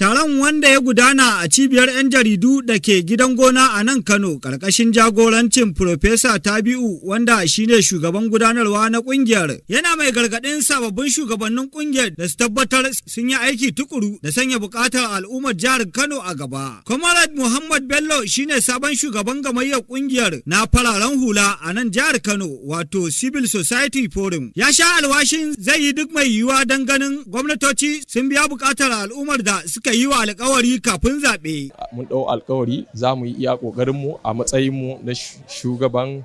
Taron wanda ya gudana a cibiyar 'yan jaridu da ke gidan gona a nan Kano ƙarƙashin jagorancin Profesa Tabi'u wanda shine shugaban gudanarwa na ƙungiyar yana mai gargaɗin sababbin shugabannin ƙungiyar da su tabbatar sun yi aiki tukuru da sanya buƙatar al'ummar jihar Kano a gaba. Comrade Muhammad Bello shine sabon shugaban gamayyar ƙungiyar na fararen hula a nan jihar Kano wato Civil Society Forum. Ya sha alwashin zai yi duk mai yiwuwa don ganin gwamnatoci sun biya buƙatar al'ummar da suka kuka yi wa alkawari kafin zaɓe. Mun ɗau alkawari za mu yi iya ƙoƙarinmu a matsayinmu na shugaban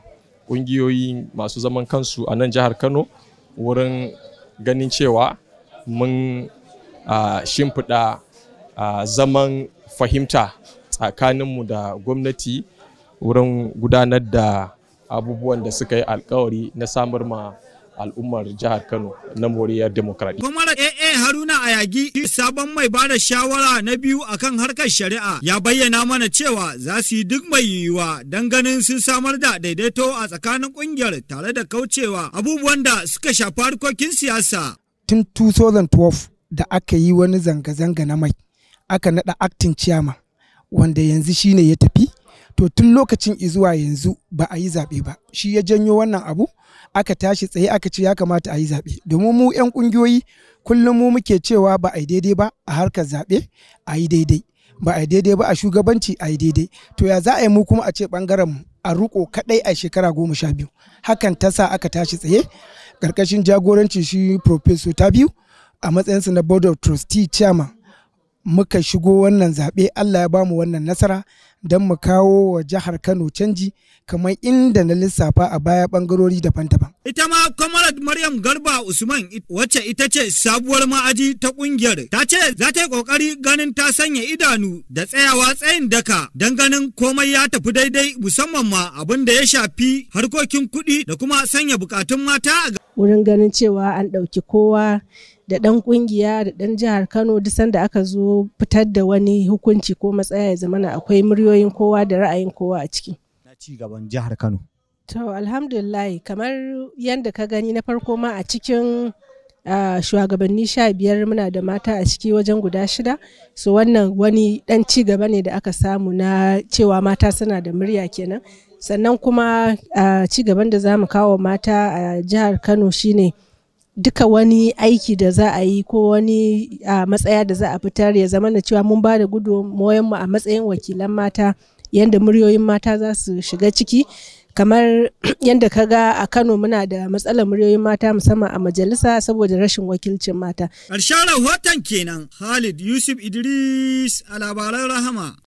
ƙungiyoyi masu zaman kansu a nan jihar Kano wurin ganin cewa mun shimfiɗa zaman fahimta tsakaninmu da gwamnati wurin gudanar da abubuwan da suka yi alkawari na samar ma al'ummar jihar Kano na Moriya demokradiyya. Kwamarar AA Haruna Ayagi sabon mai ba da shawara na biyu akan harkar shari'a ya bayyana mana cewa za su yi duk mai yiwuwa don ganin sun samar da daidaito a tsakanin kungiyar tare da kaucewa abubuwan da suka shafi harkokin siyasa. Tun 2012 da aka yi wani zanga-zanga na mai aka naɗa acting chairman wanda yanzu shine ya tafi to tun lokacin izuwa yanzu ba a yi zaɓe ba shi ya janyo wannan abu aka tashi tsaye aka ce ya kamata a yi zaɓe domin mu 'yan ƙungiyoyi kullum mu muke cewa ba a yi daidai ba a harkar zaɓe a yi daidai ba a yi daidai ba a shugabanci a yi daidai to ya za a yi mu kuma a ce ɓangaren mu a ruko kaɗai a shekara goma sha biyu hakan ta sa aka tashi tsaye ƙarƙashin jagoranci shi profeso ta biyu a su na board of trustee chairman muka shigo wannan zaɓe Allah ya bamu wannan nasara don mu kawo wa jihar Kano canji kamar inda na lissafa a baya bangarori daban-daban. Ita ma Comrade Maryam Garba Usman wacce ita ce sabuwar ma'aji ta kungiyar ta ce za ta yi kokari ganin ta sanya idanu da tsayawa tsayin daka don ganin komai ya tafi daidai musamman ma abin da ya shafi harkokin kuɗi da kuma sanya bukatun mata a wurin ganin cewa an ɗauki kowa da ɗan ƙungiya da ɗan jihar kano duk sanda aka zo fitar da wani hukunci ko matsaya ya zamana akwai muryoyin kowa da ra'ayin kowa a ciki. na ci gaban jihar kano. to alhamdulillah kamar yadda ka gani na farko ma a cikin shugabanni sha biyar muna da mata a ciki wajen guda shida so wannan wani dan ci gaba ne da aka samu na cewa mata suna da murya kenan sannan kuma ci gaban da za mu kawo mata a jihar kano shine duka wani aiki da za a yi ko wani a matsaya da za a fitar ya zama da cewa mun ba da mu a matsayin wakilan mata yadda muryoyin mata za su shiga ciki kamar yadda ka ga a kano muna da matsalar muryoyin mata musamman a majalisa saboda rashin wakilcin mata. ƙarshen rahoton kenan khalid yusuf idris a labaran rahama.